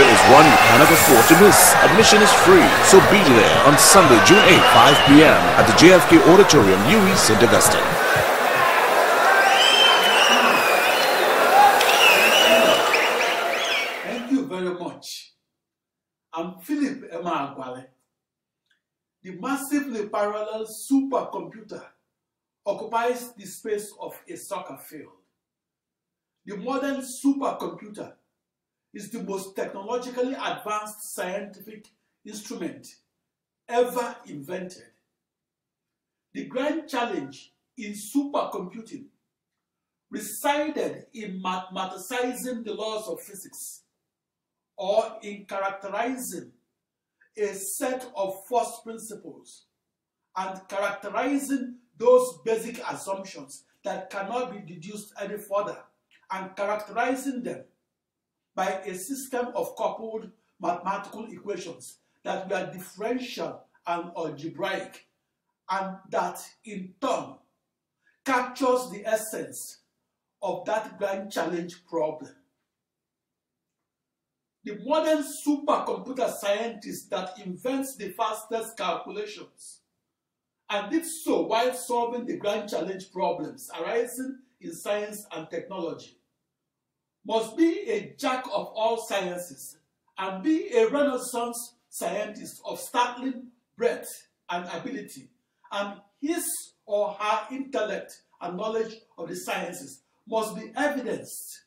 concert is one you cannot afford to miss. Admission is free, so be there on Sunday, June 8, 5 p.m. at the JFK Auditorium, UE St. Augustine. Thank you very much. I'm Philip Emma Aguale. The massively parallel supercomputer occupies the space of a soccer field. The modern supercomputer is the most technologically advanced scientific instrument ever invented. The grand challenge in supercomputing resided in mathematicizing the laws of physics or in characterizing a set of first principles and characterizing those basic assumptions that cannot be deduced any further and characterizing them by a system of coupled mathematical equations that were differential and algebraic, and that in turn captures the essence of that grand challenge problem. The modern supercomputer scientist that invents the fastest calculations and did so while solving the grand challenge problems arising in science and technology must be a jack of all sciences and be a renaissance scientist of startling breadth and ability and his or her intellect and knowledge of the sciences must be evidenced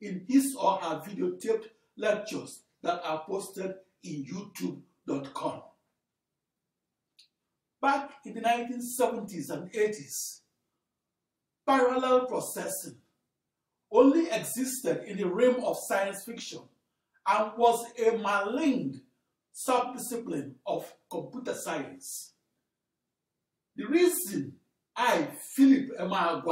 in his or her videotaped lectures that are posted in youtube.com. Back in the 1970s and 80s, parallel processing only existed in the realm of science fiction and was a maligned subdiscipline of computer science. The reason I, Philip Emma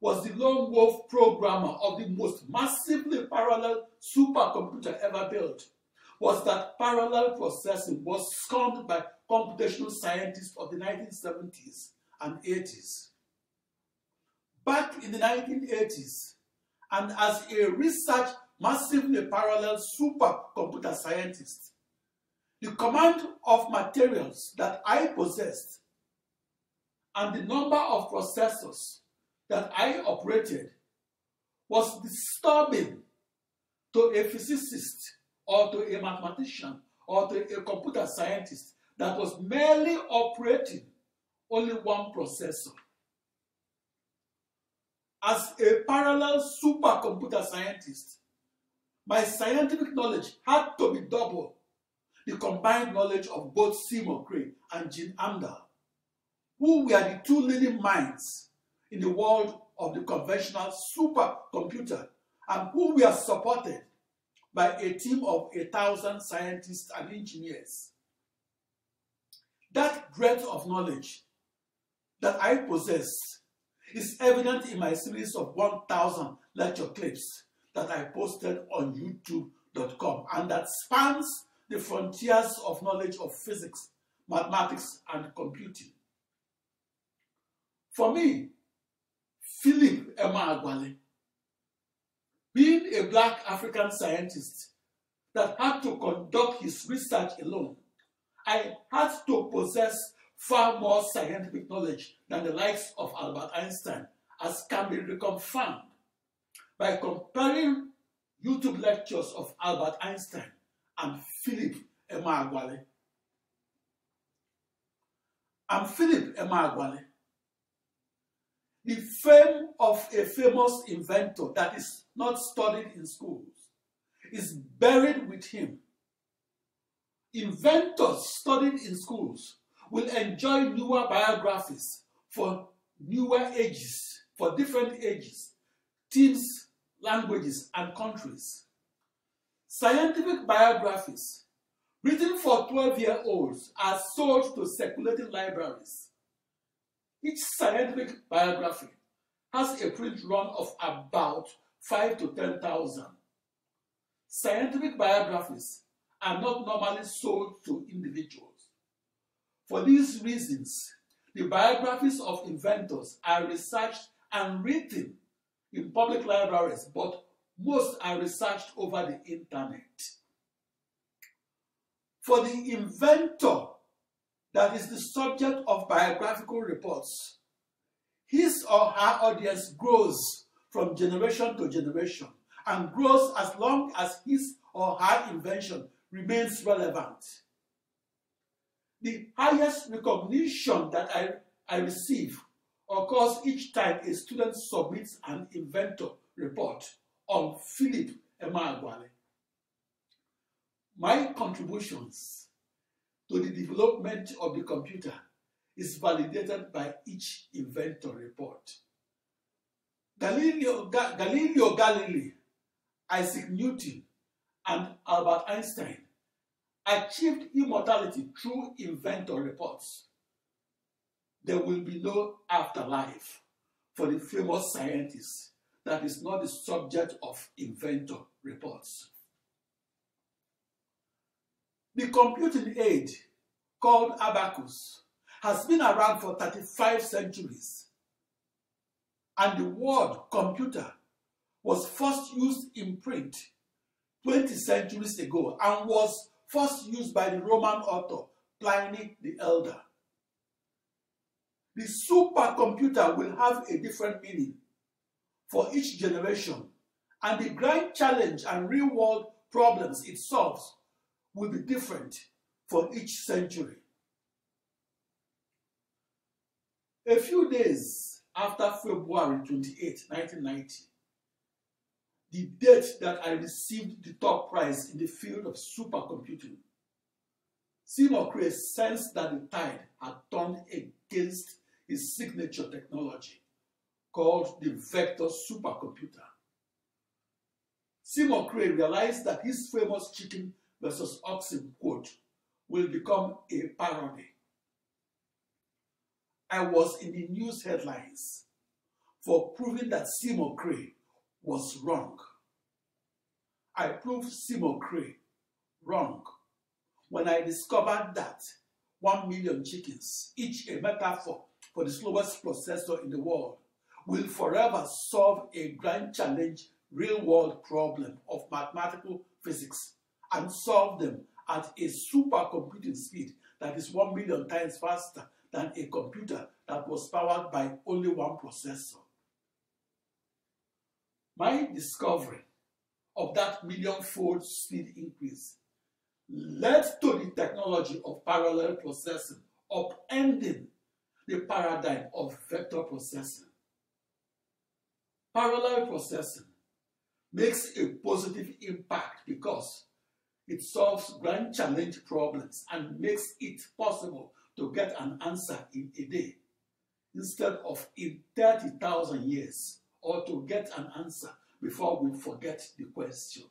was the lone wolf programmer of the most massively parallel supercomputer ever built was that parallel processing was scorned by computational scientists of the 1970s and 80s back in the 1980s and as a research massively parallel supercomputer scientist. The command of materials that I possessed and the number of processors that I operated was disturbing to a physicist or to a mathematician or to a computer scientist that was merely operating only one processor. As a parallel supercomputer scientist, my scientific knowledge had to be double the combined knowledge of both Seymour Cray and Jean Amdahl, who were the two leading minds in the world of the conventional supercomputer and who were supported by a team of a thousand scientists and engineers. That breadth of knowledge that I possessed is evident in my series of 1,000 lecture clips that I posted on youtube.com and that spans the frontiers of knowledge of physics, mathematics, and computing. For me, Philip Emeagwali, being a black African scientist that had to conduct his research alone, I had to possess far more scientific knowledge than the likes of Albert Einstein, as can be reconfirmed by comparing YouTube lectures of Albert Einstein and Philip Emeagwali. And Philip Emeagwali, the fame of a famous inventor that is not studied in schools is buried with him. Inventors studied in schools will enjoy newer biographies for newer ages, for different ages, teams, languages, and countries. Scientific biographies written for twelve year olds are sold to circulating libraries. Each scientific biography has a print run of about five to ten thousand. Scientific biographies are not normally sold to individuals. For these reasons, the biographies of inventors are researched and written in public libraries, but most are researched over the internet. For the inventor that is the subject of biographical reports, his or her audience grows from generation to generation and grows as long as his or her invention remains relevant the highest recognition that I, I receive occurs each time a student submits an inventor report on Philip Emeagwali. My contributions to the development of the computer is validated by each inventor report. Galileo, Ga Galileo Galilei, Isaac Newton, and Albert Einstein achieved immortality through inventor reports. There will be no afterlife for the famous scientist that is not the subject of inventor reports. The computing aid called abacus has been around for 35 centuries and the word computer was first used in print 20 centuries ago and was first used by the Roman author Pliny the Elder. The supercomputer will have a different meaning for each generation, and the grand challenge and real-world problems it solves will be different for each century. A few days after February 28, 1990, the date that I received the top prize in the field of supercomputing. Seymour Cray sensed that the tide had turned against his signature technology, called the vector supercomputer. Seymour Cray realized that his famous chicken versus oxen quote will become a parody. I was in the news headlines for proving that Seymour Cray was wrong. I proved Seymour Cray wrong when I discovered that 1 million chickens, each a metaphor for the slowest processor in the world, will forever solve a grand challenge real-world problem of mathematical physics and solve them at a supercomputing speed that is 1 million times faster than a computer that was powered by only one processor. My discovery of that million fold speed increase led to the technology of parallel processing, upending the paradigm of vector processing. Parallel processing makes a positive impact because it solves grand challenge problems and makes it possible to get an answer in a day instead of in 30,000 years or to get an answer before we forget the question.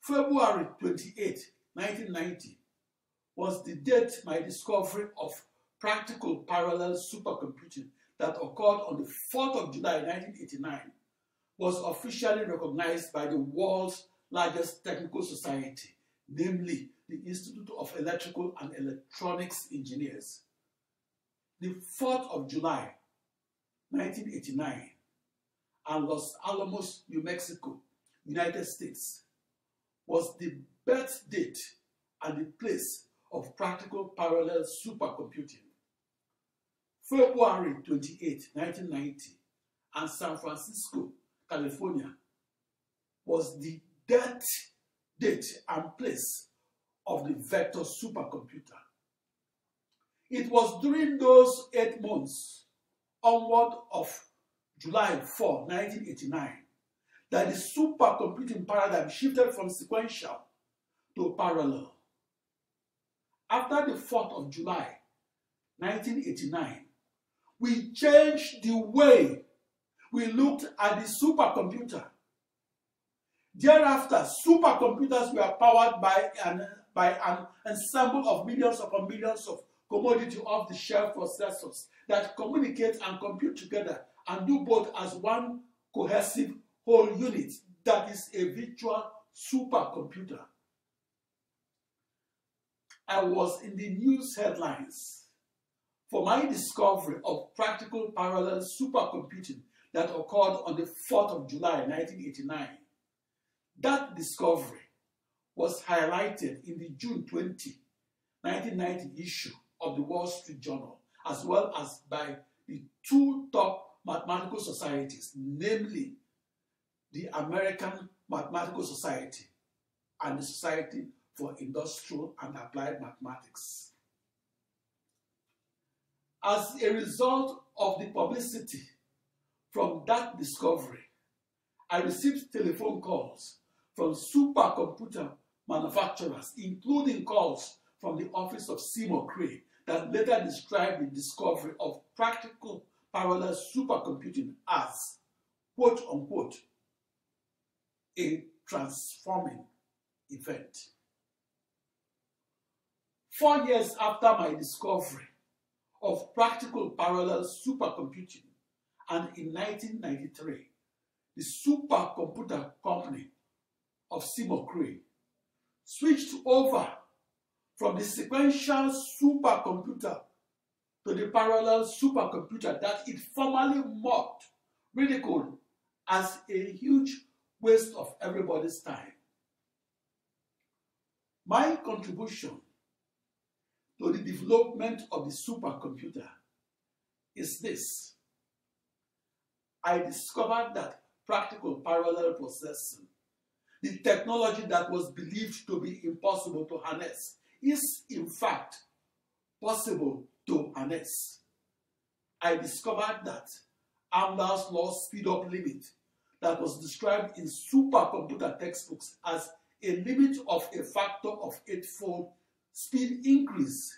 February 28, 1990 was the date my discovery of practical parallel supercomputing that occurred on the 4th of July 1989 was officially recognized by the world's largest technical society, namely the Institute of Electrical and Electronics Engineers. The 4th of July 1989 and Los Alamos, New Mexico, United States, was the birth date and the place of practical parallel supercomputing. February 28, 1990, and San Francisco, California, was the death date and place of the Vector supercomputer. It was during those eight months onward of July 4, 1989, that the supercomputing paradigm shifted from sequential to parallel. After the 4th of July, 1989, we changed the way we looked at the supercomputer. Thereafter, supercomputers were powered by an, by an ensemble of millions upon millions of commodity off-the-shelf processors that communicate and compute together and do both as one cohesive whole unit that is a virtual supercomputer. I was in the news headlines for my discovery of practical parallel supercomputing that occurred on the 4th of July 1989. That discovery was highlighted in the June 20, 1990 issue of the Wall Street Journal as well as by the two top mathematical societies, namely the American Mathematical Society and the Society for Industrial and Applied Mathematics. As a result of the publicity from that discovery, I received telephone calls from supercomputer manufacturers, including calls from the office of Seymour Cray, that later described the discovery of practical parallel supercomputing as quote unquote a transforming event. Four years after my discovery of practical parallel supercomputing, and in 1993, the supercomputer company of Seymour Cray switched over from the sequential supercomputer to the parallel supercomputer that it formerly mocked, ridiculed as a huge waste of everybody's time. My contribution to the development of the supercomputer is this. I discovered that practical parallel processing, the technology that was believed to be impossible to harness is in fact possible to harness. I discovered that Amdahl's law speed-up limit that was described in supercomputer textbooks as a limit of a factor of eightfold speed increase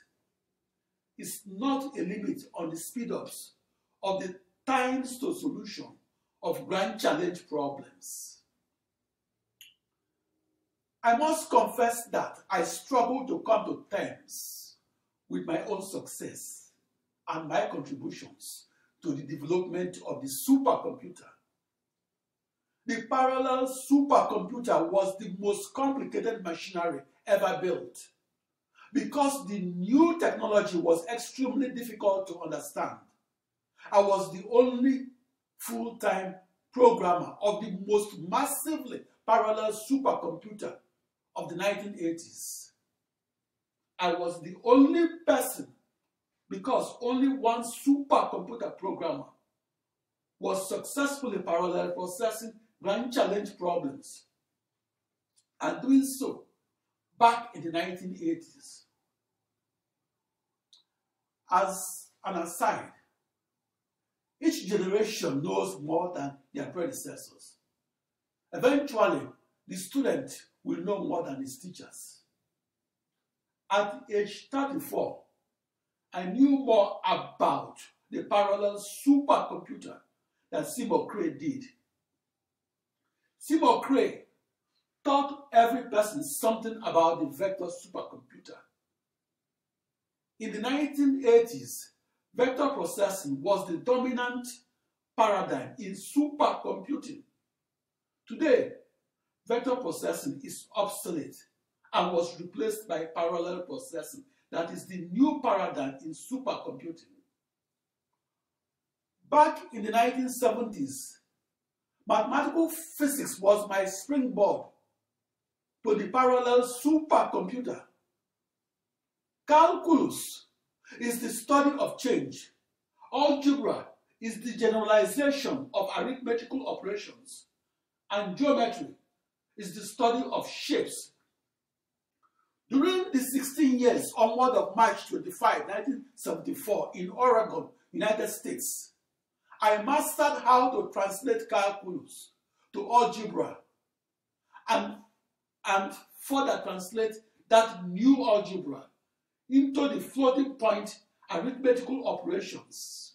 is not a limit on the speed-ups of the times to solution of grand challenge problems. I must confess that I struggled to come to terms with my own success and my contributions to the development of the supercomputer. The parallel supercomputer was the most complicated machinery ever built because the new technology was extremely difficult to understand. I was the only full-time programmer of the most massively parallel supercomputer of the 1980s, I was the only person because only one supercomputer programmer was successfully parallel processing grand challenge problems and doing so back in the 1980s. As an aside, each generation knows more than their predecessors. Eventually, the student will know more than his teachers. At age 34, I knew more about the parallel supercomputer that Seymour Cray did. Seymour Cray taught every person something about the vector supercomputer. In the 1980s, vector processing was the dominant paradigm in supercomputing. Today, vector processing is obsolete and was replaced by parallel processing. That is the new paradigm in supercomputing. Back in the 1970s, mathematical physics was my springboard to the parallel supercomputer. Calculus is the study of change. Algebra is the generalization of arithmetical operations. And geometry is the study of shapes. During the 16 years onward of March 25, 1974, in Oregon, United States, I mastered how to translate calculus to algebra and, and further translate that new algebra into the floating point arithmetical operations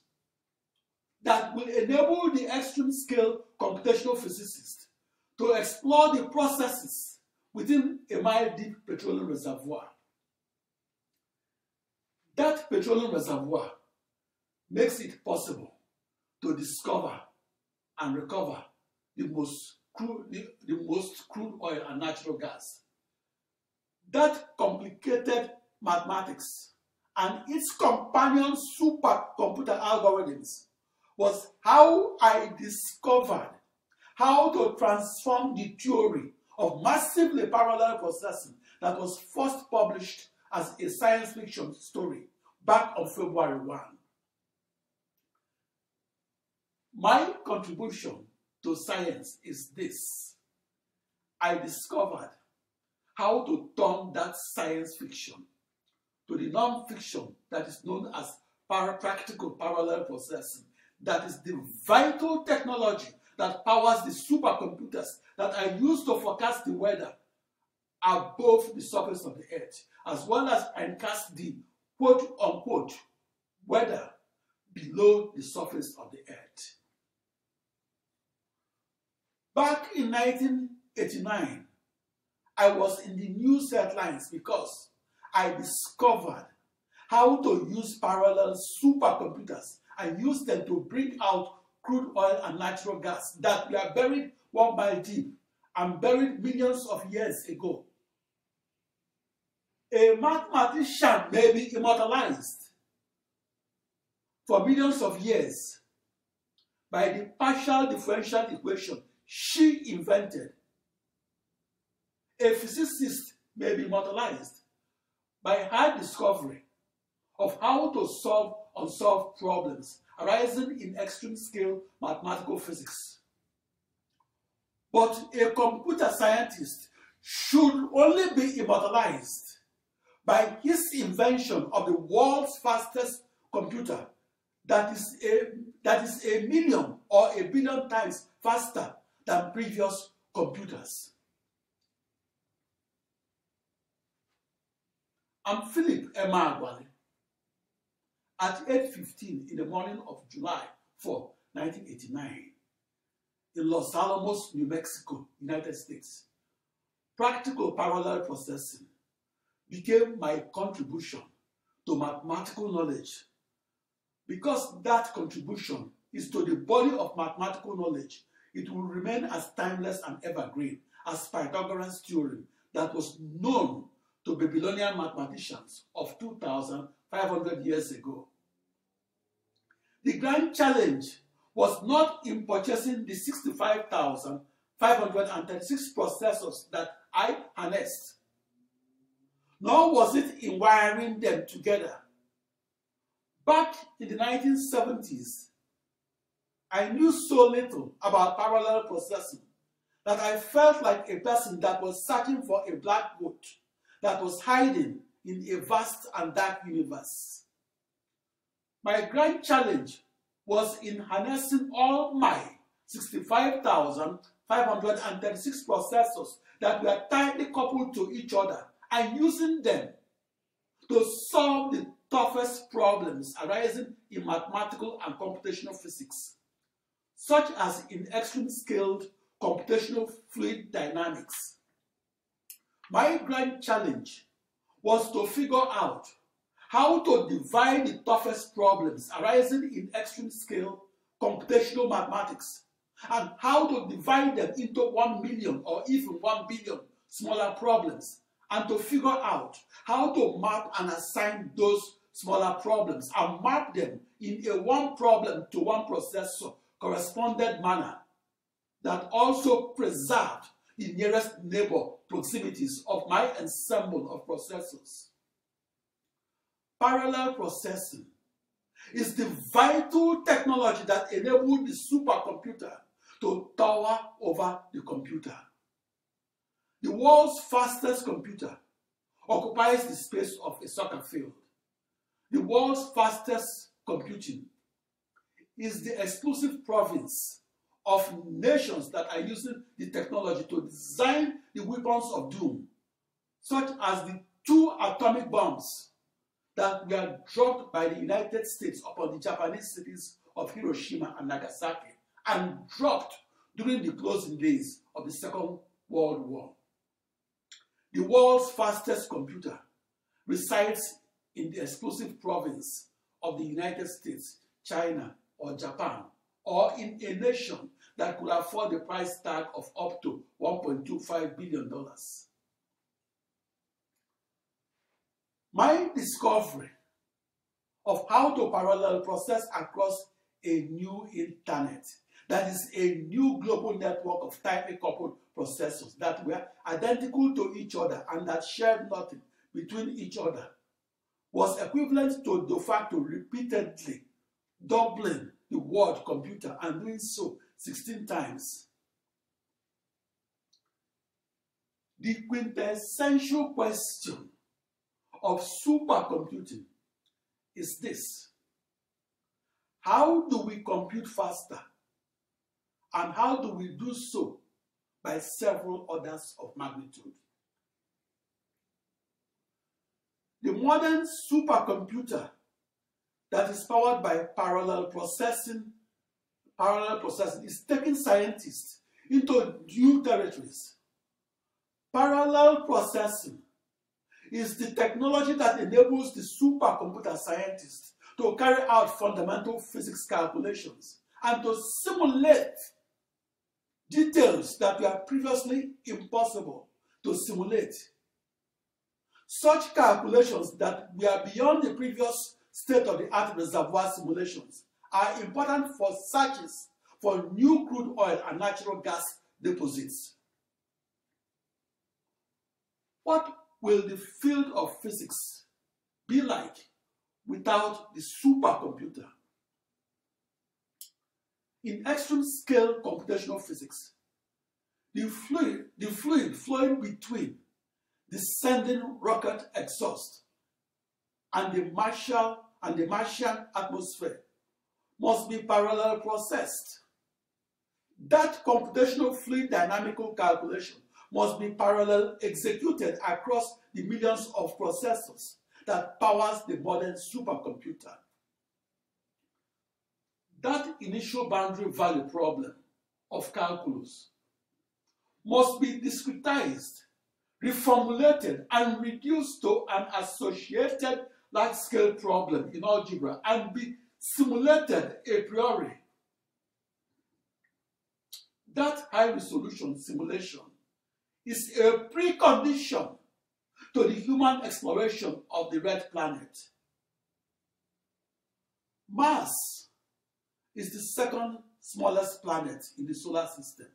that will enable the extreme scale computational physicist to explore the processes within a mile-deep petroleum reservoir. That petroleum reservoir makes it possible to discover and recover the most crude, the, the most crude oil and natural gas. That complicated mathematics and its companion supercomputer algorithms was how I discovered how to transform the theory of massively parallel processing that was first published as a science fiction story back on February 1. My contribution to science is this. I discovered how to turn that science fiction to the non-fiction that is known as practical parallel processing that is the vital technology that powers the supercomputers that are used to forecast the weather above the surface of the earth, as well as encast the quote unquote weather below the surface of the earth. Back in 1989, I was in the news headlines because I discovered how to use parallel supercomputers and use them to bring out crude oil and natural gas that were buried one mile deep and buried millions of years ago. A mathematician may be immortalized for millions of years by the partial differential equation she invented. A physicist may be immortalized by her discovery of how to solve unsolved problems arising in extreme-scale mathematical physics. But a computer scientist should only be immortalized by his invention of the world's fastest computer that is a, that is a million or a billion times faster than previous computers. I'm Philip Agwali. at 8.15 in the morning of July 4, 1989, in Los Alamos, New Mexico, United States, practical parallel processing became my contribution to mathematical knowledge because that contribution is to the body of mathematical knowledge it will remain as timeless and evergreen as pythagoras theorem that was known to babylonian mathematicians of 2500 years ago the grand challenge was not in purchasing the 65,536 processors that I harnessed, nor was it in wiring them together. Back in the 1970s, I knew so little about parallel processing that I felt like a person that was searching for a black goat that was hiding in a vast and dark universe. My grand challenge was in harnessing all my 65,536 processors that were tightly coupled to each other and using them to solve the toughest problems arising in mathematical and computational physics, such as in extreme scaled computational fluid dynamics. My grand challenge was to figure out how to divine the toughest problems arising in extreme scale computational mathematics and how to divide them into one million or even one billion smaller problems and to figure out how to map and assign those smaller problems and map them in a one problem to one processor corresponded manner that also preserved the nearest neighbor proximities of my ensemble of processors. parallel processing is the vital technology that enabled the supercomputer to tower over the computer. The world's fastest computer occupies the space of a soccer field. The world's fastest computing is the exclusive province of nations that are using the technology to design the weapons of doom, such as the two atomic bombs that were dropped by the United States upon the Japanese cities of Hiroshima and Nagasaki and dropped during the closing days of the Second World War. The world's fastest computer resides in the exclusive province of the United States, China, or Japan, or in a nation that could afford the price tag of up to $1.25 billion. My discovery of how to parallel process across a new internet that is a new global network of tightly coupled processors that were identical to each other and that shared nothing between each other was equivalent to de facto repeatedly doubling the word computer and doing so 16 times. The quintessential question of supercomputing is this. How do we compute faster? And how do we do so by several orders of magnitude? The modern supercomputer that is powered by parallel processing parallel processing is taking scientists into new territories. Parallel processing is the technology that enables the supercomputer scientist to carry out fundamental physics calculations and to simulate details that were previously impossible to simulate. Such calculations that were beyond the previous state-of-the-art reservoir simulations are important for searches for new crude oil and natural gas deposits. What will the field of physics be like without the supercomputer? In extreme scale computational physics, the fluid, the fluid flowing between the sending rocket exhaust and the Martian and the Martian atmosphere must be parallel processed. That computational fluid dynamical calculation must be parallel executed across the millions of processors that powers the modern supercomputer. That initial boundary value problem of calculus must be discretized, reformulated, and reduced to an associated large-scale problem in algebra and be simulated a priori. That high-resolution simulation is a precondition to the human exploration of the red planet. Mars is the second smallest planet in the solar system.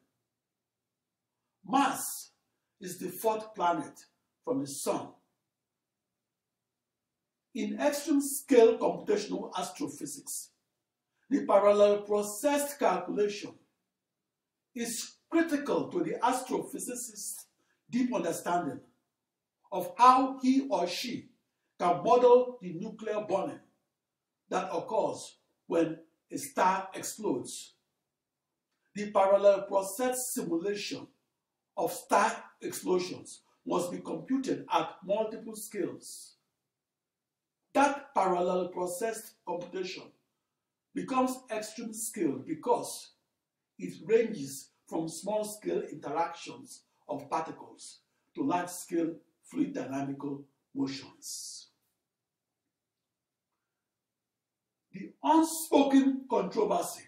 Mars is the fourth planet from the Sun. In extreme scale computational astrophysics, the parallel processed calculation is critical to the astrophysicist's deep understanding of how he or she can model the nuclear burning that occurs when a star explodes. The parallel process simulation of star explosions must be computed at multiple scales. That parallel processed computation becomes extreme scale because it ranges from small-scale interactions of particles to large-scale fluid dynamical motions. The unspoken controversy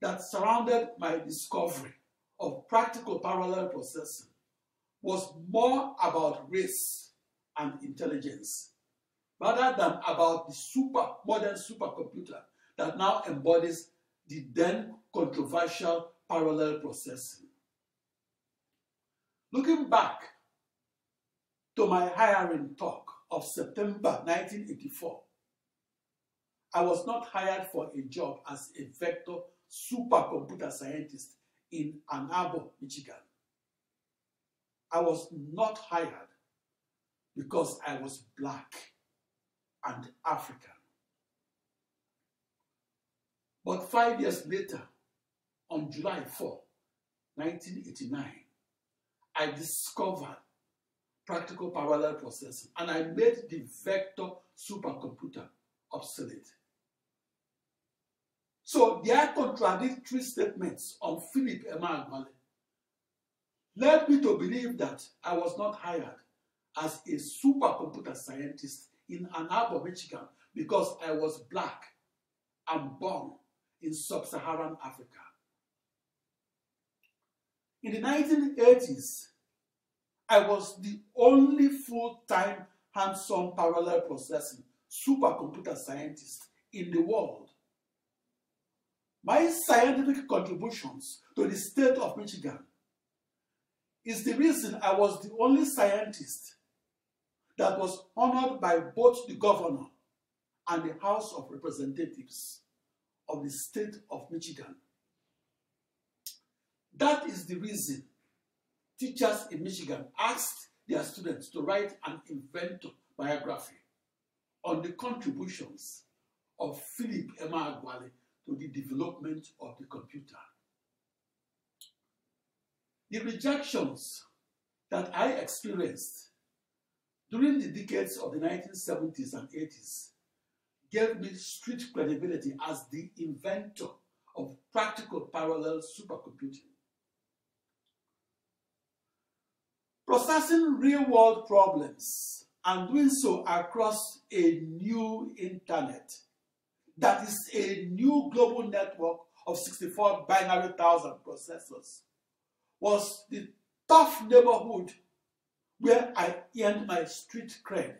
that surrounded my discovery of practical parallel processing was more about race and intelligence rather than about the super modern supercomputer that now embodies the then controversial parallel processing. Looking back to my hiring talk of September 1984, I was not hired for a job as a vector supercomputer scientist in Ann Arbor, Michigan. I was not hired because I was black and African. But five years later, on July 4, 1989, I discovered practical parallel processing and I made the vector supercomputer obsolete. So there are contradictory statements on Philip Emeagwali led me to believe that I was not hired as a supercomputer scientist in Ann Arbor, Michigan because I was black and born in sub-Saharan Africa. In the 1980s, I was the only full-time hands-on parallel processing supercomputer scientist in the world. My scientific contributions to the state of Michigan is the reason I was the only scientist that was honored by both the governor and the House of Representatives of the state of Michigan That is the reason teachers in Michigan asked their students to write an inventor biography on the contributions of Philip Emma Agwali to the development of the computer. The rejections that I experienced during the decades of the 1970s and 80s gave me street credibility as the inventor of practical parallel supercomputing. Processing real-world problems and doing so across a new internet that is a new global network of 64 binary thousand processors was the tough neighborhood where I earned my street cred.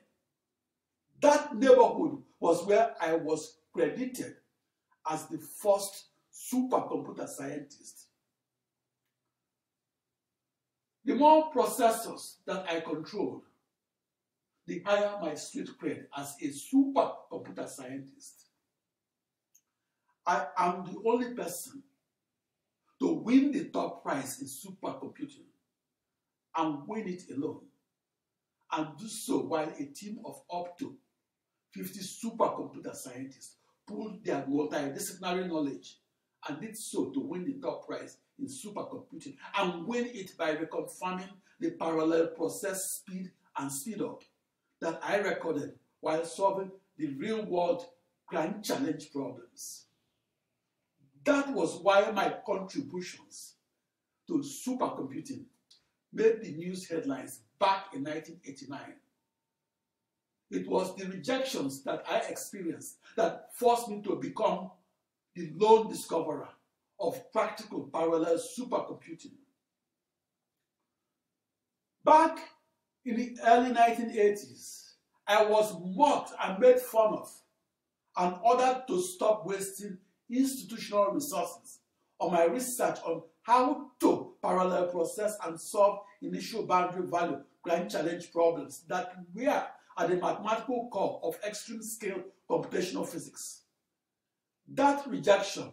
That neighborhood was where I was credited as the first supercomputer scientist The more processors that I control, the higher my street cred as a super computer scientist. I am the only person to win the top prize in supercomputing and win it alone, and do so while a team of up to 50 supercomputer scientists pooled their multidisciplinary knowledge and did so to win the top prize in supercomputing and win it by reconfirming the parallel process speed and speed up that I recorded while solving the real world grand challenge problems. That was why my contributions to supercomputing made the news headlines back in 1989. It was the rejections that I experienced that forced me to become the lone discoverer of practical parallel supercomputing. Back in the early 1980s, I was mocked and made fun of and ordered to stop wasting institutional resources on my research on how to parallel process and solve initial boundary value grand challenge problems that were at the mathematical core of extreme scale computational physics. That rejection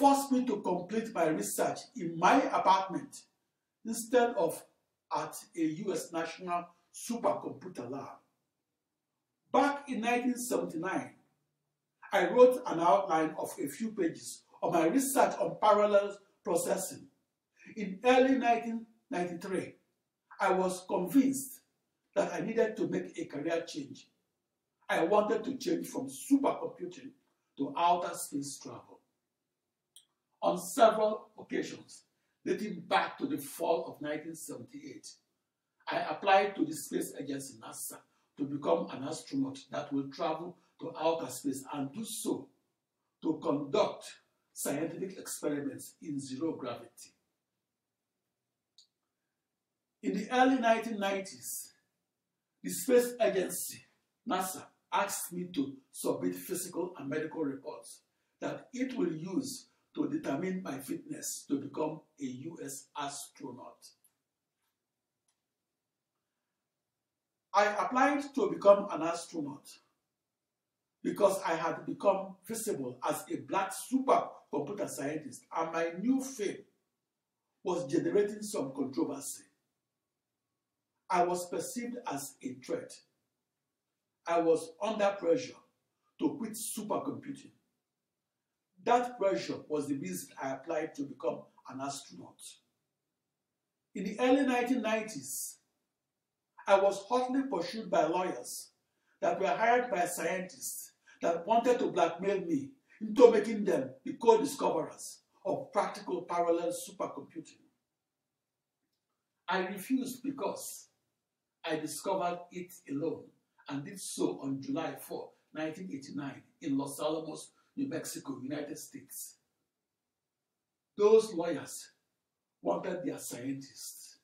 forced me to complete my research in my apartment instead of at a U.S. national supercomputer lab. Back in 1979, I wrote an outline of a few pages of my research on parallel processing. In early 1993, I was convinced that I needed to make a career change. I wanted to change from supercomputing to outer space travel. on several occasions dating back to the fall of 1978. I applied to the space agency NASA to become an astronaut that will travel to outer space and do so to conduct scientific experiments in zero gravity. In the early 1990s, the space agency, NASA, asked me to submit physical and medical reports that it will use to determine my fitness to become a US astronaut. I applied to become an astronaut because I had become visible as a black supercomputer scientist and my new fame was generating some controversy. I was perceived as a threat. I was under pressure to quit supercomputing that pressure was the reason I applied to become an astronaut. In the early 1990s, I was hotly pursued by lawyers that were hired by scientists that wanted to blackmail me into making them the co-discoverers of practical parallel supercomputing. I refused because I discovered it alone and did so on July 4, 1989 in Los Alamos, New Mexico, United States. Those lawyers wanted their scientists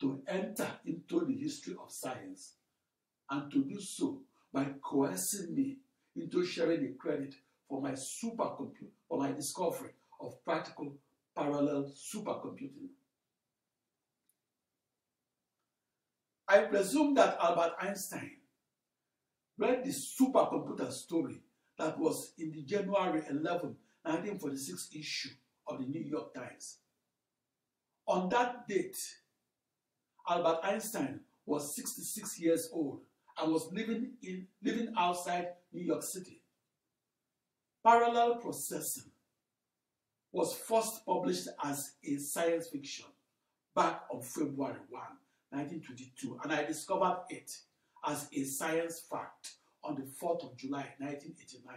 to enter into the history of science and to do so by coercing me into sharing the credit for my supercomputer, for my discovery of practical parallel supercomputing. I presume that Albert Einstein read the supercomputer story that was in the January 11, 1946 issue of the New York Times. On that date, Albert Einstein was 66 years old and was living, in, living outside New York City. Parallel Processing was first published as a science fiction back on February 1, 1922, and I discovered it as a science fact on the 4th of July 1989.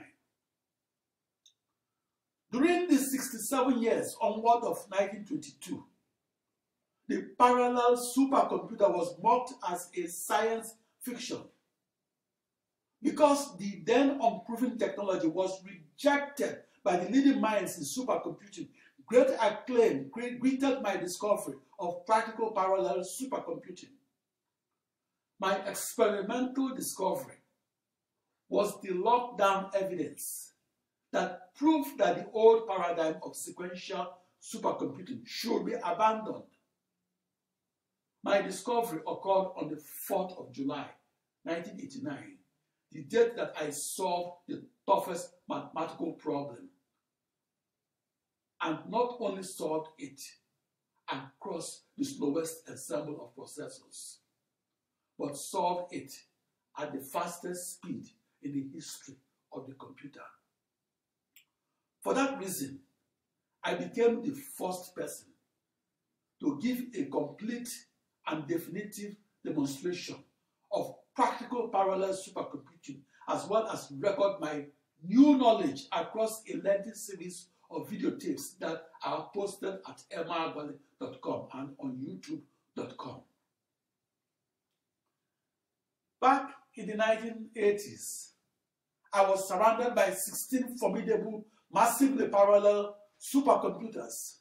During the 67 years onward of 1922, the parallel supercomputer was mocked as a science fiction because the then unproven technology was rejected by the leading minds in supercomputing. Great acclaim greeted my discovery of practical parallel supercomputing. My experimental discovery was the lockdown evidence that proved that the old paradigm of sequential supercomputing should be abandoned. My discovery occurred on the 4th of July 1989, the date that I solved the toughest mathematical problem and not only solved it across the slowest ensemble of processors, but solved it at the fastest speed in the history of the computer. For that reason, I became the first person to give a complete and definitive demonstration of practical parallel supercomputing as well as record my new knowledge across a lengthy series of videotapes that are posted at mrgwale.com and on youtube.com. in the 1980s, I was surrounded by 16 formidable, massively parallel supercomputers.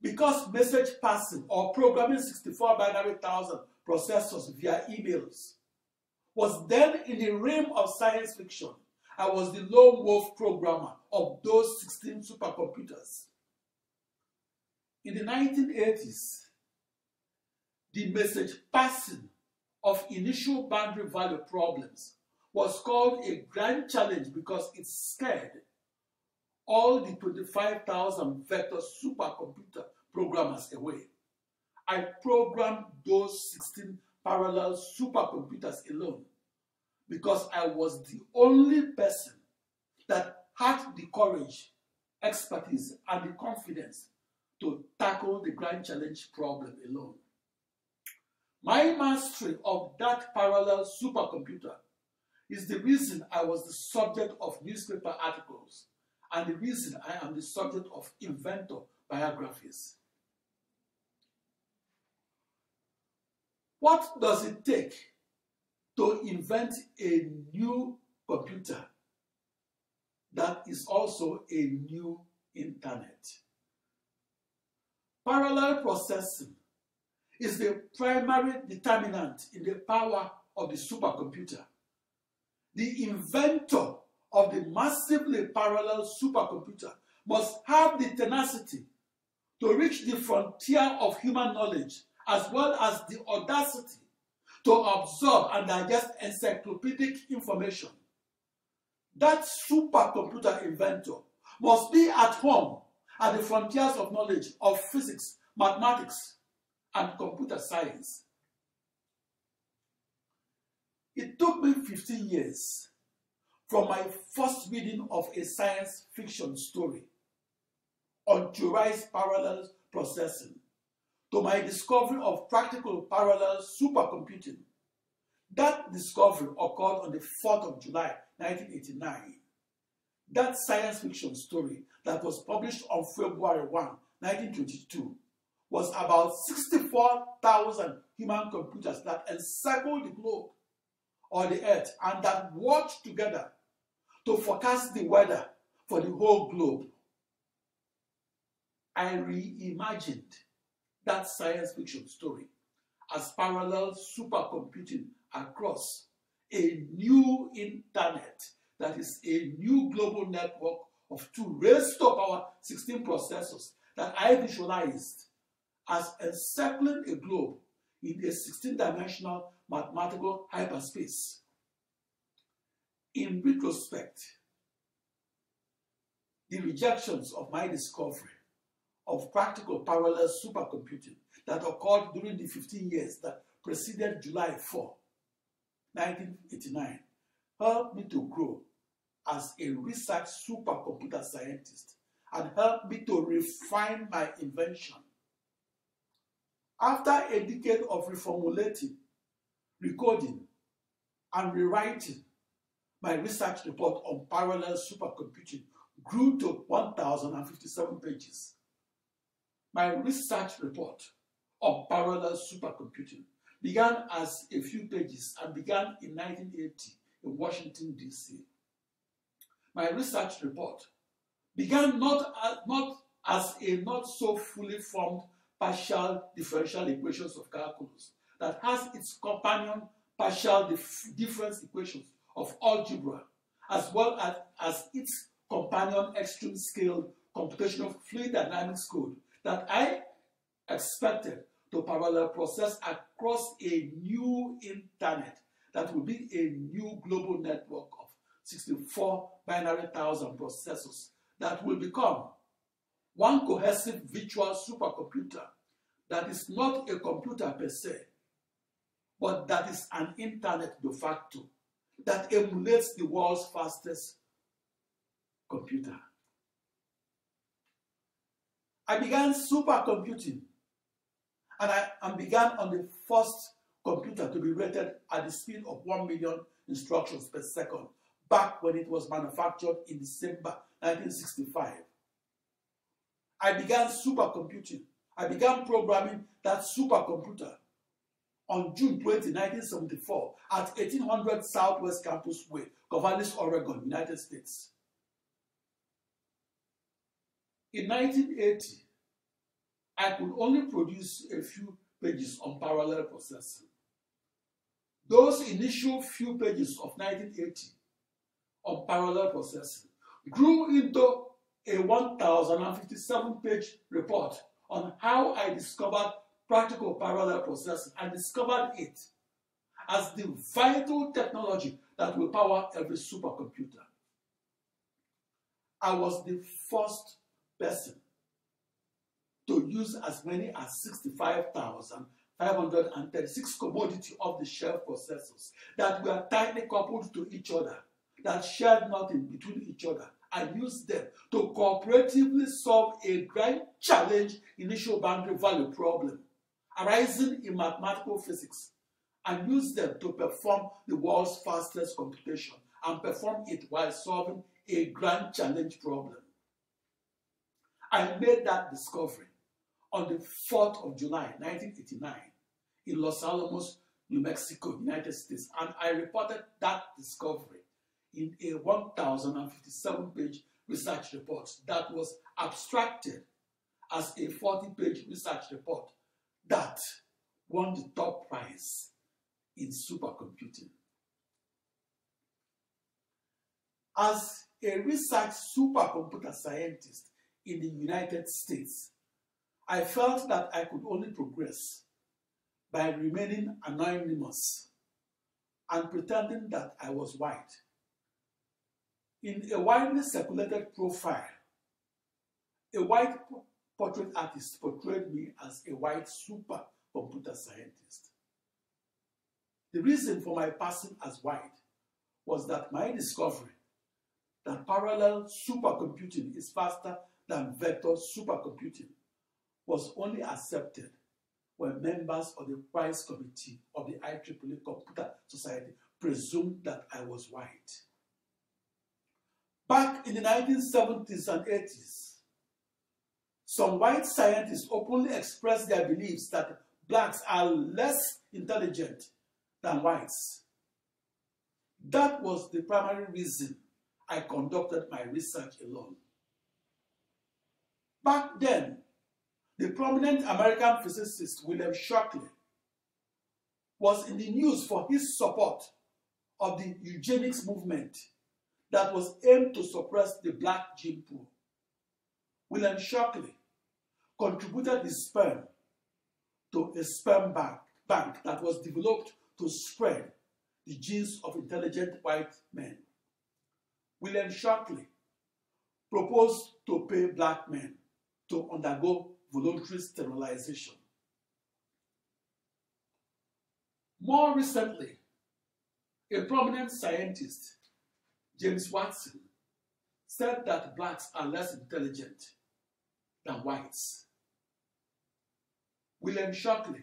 Because message passing or programming 64 binary thousand processors via emails was then in the realm of science fiction, I was the lone wolf programmer of those 16 supercomputers. In the 1980s, the message passing of initial boundary value problems was called a grand challenge because it scared all the 25,000 vector supercomputer programmers away. I programmed those 16 parallel supercomputers alone because I was the only person that had the courage, expertise, and the confidence to tackle the grand challenge problem alone. My mastery of that parallel supercomputer is the reason I was the subject of newspaper articles and the reason I am the subject of inventor biographies. What does it take to invent a new computer that is also a new internet? Parallel processing is the primary determinant in the power of the supercomputer. The inventor of the massively parallel supercomputer must have the tenacity to reach the frontier of human knowledge as well as the audacity to absorb and digest encyclopedic information. That supercomputer inventor must be at home at the frontiers of knowledge of physics, mathematics, and computer science. It took me 15 years from my first reading of a science fiction story on theorized parallel processing to my discovery of practical parallel supercomputing. That discovery occurred on the 4th of July 1989. That science fiction story that was published on February 1, 1922 was about 64,000 human computers that encircled the globe or the earth and that worked together to forecast the weather for the whole globe. I reimagined that science fiction story as parallel supercomputing across a new internet that is a new global network of two raised to power 16 processors that I visualized as encircling a globe in a 16-dimensional mathematical hyperspace. In retrospect, the rejections of my discovery of practical parallel supercomputing that occurred during the 15 years that preceded July 4, 1989, helped me to grow as a research supercomputer scientist and helped me to refine my invention After a decade of reformulating, recording, and rewriting, my research report on parallel supercomputing grew to 1,057 pages. My research report on parallel supercomputing began as a few pages and began in 1980 in Washington, D.C. My research report began not as, not as a not so fully formed partial differential equations of calculus that has its companion partial dif difference equations of algebra, as well as, as its companion extreme scale computational fluid dynamics code that I expected to parallel process across a new internet that will be a new global network of 64 binary thousand processors that will become one cohesive virtual supercomputer that is not a computer per se, but that is an internet de facto that emulates the world's fastest computer. I began supercomputing and I and began on the first computer to be rated at the speed of 1 million instructions per second back when it was manufactured in December 1965. I began supercomputing I began programming that supercomputer on June 20, 1974 at 1800 Southwest Campus Way, Corvallis, Oregon, United States. In 1980, I could only produce a few pages on parallel processing. Those initial few pages of 1980 on parallel processing grew into a 1,057 page report on how I discovered practical parallel processing and discovered it as the vital technology that will power every supercomputer. I was the first person to use as many as 65,536 commodity off-the-shelf processors that were tightly coupled to each other, that shared nothing between each other, and use them to cooperatively solve a grand challenge initial boundary value problem arising in mathematical physics and use them to perform the world's fastest computation and perform it while solving a grand challenge problem. I made that discovery on the 4th of July 1989 in Los Alamos, New Mexico, United States, and I reported that discovery in a 1,057 page research report that was abstracted as a 40 page research report that won the top prize in supercomputing. As a research supercomputer scientist in the United States, I felt that I could only progress by remaining anonymous and pretending that I was white in a widely circulated profile, a white portrait artist portrayed me as a white super computer scientist. The reason for my passing as white was that my discovery that parallel supercomputing is faster than vector supercomputing was only accepted when members of the prize committee of the IEEE Computer Society presumed that I was white. Back in the 1970s and 80s, some white scientists openly expressed their beliefs that blacks are less intelligent than whites. That was the primary reason I conducted my research alone. Back then, the prominent American physicist William Shockley was in the news for his support of the eugenics movement that was aimed to suppress the black gene pool. William Shockley contributed his sperm to a sperm bank, bank that was developed to spread the genes of intelligent white men. William Shockley proposed to pay black men to undergo voluntary sterilization. More recently, a prominent scientist James Watson said that blacks are less intelligent than whites. William Shockley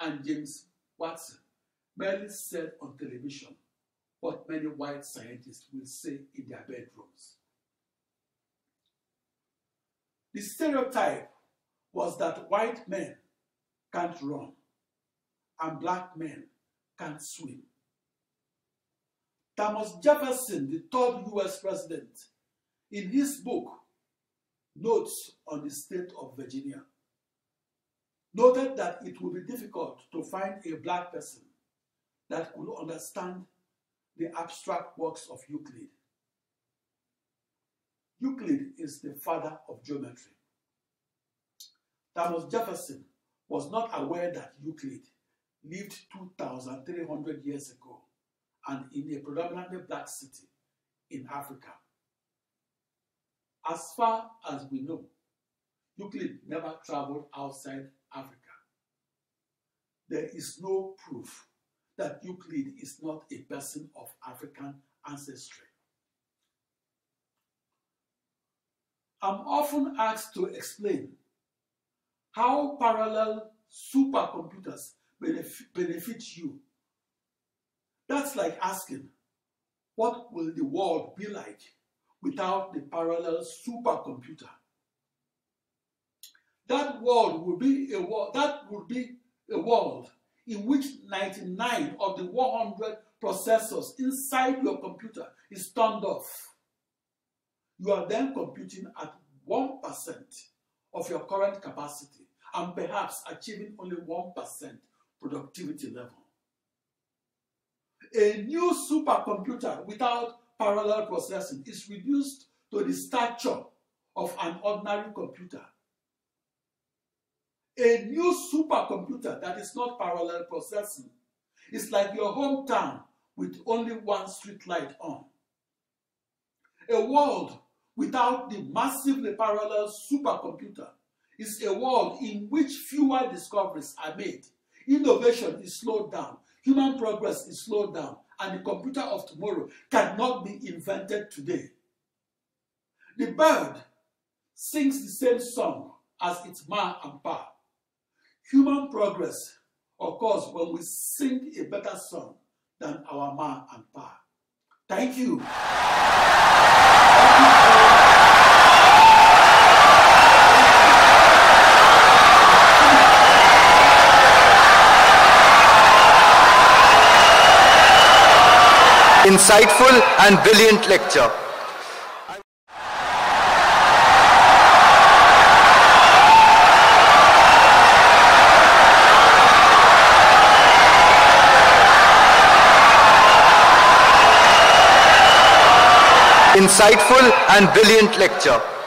and James Watson merely said on television what many white scientists will say in their bedrooms. The stereotype was that white men can't run and black men can't swim. Thomas Jefferson, the third U.S. president, in his book, Notes on the State of Virginia, noted that it would be difficult to find a black person that could understand the abstract works of Euclid. Euclid is the father of geometry. Thomas Jefferson was not aware that Euclid lived 2,300 years ago and in a predominantly black city in Africa. As far as we know, Euclid never traveled outside Africa. There is no proof that Euclid is not a person of African ancestry. I'm often asked to explain how parallel supercomputers benefit you that's like asking, what will the world be like without the parallel supercomputer? That world will be a world that would be a world in which 99 of the 100 processors inside your computer is turned off. You are then computing at 1% of your current capacity and perhaps achieving only 1% productivity level. a new supercomputer without parallel processing is reduced to the stature of an ordinary computer. A new supercomputer that is not parallel processing is like your hometown with only one street light on. A world without the massively parallel supercomputer is a world in which fewer discoveries are made, innovation is slowed down, Human progress is slowed down, and the computer of tomorrow cannot be invented today. The bird sings the same song as its ma and pa. Human progress occurs when we sing a better song than our ma and pa. Thank you. Thank you. insightful and brilliant lecture. insightful and brilliant lecture.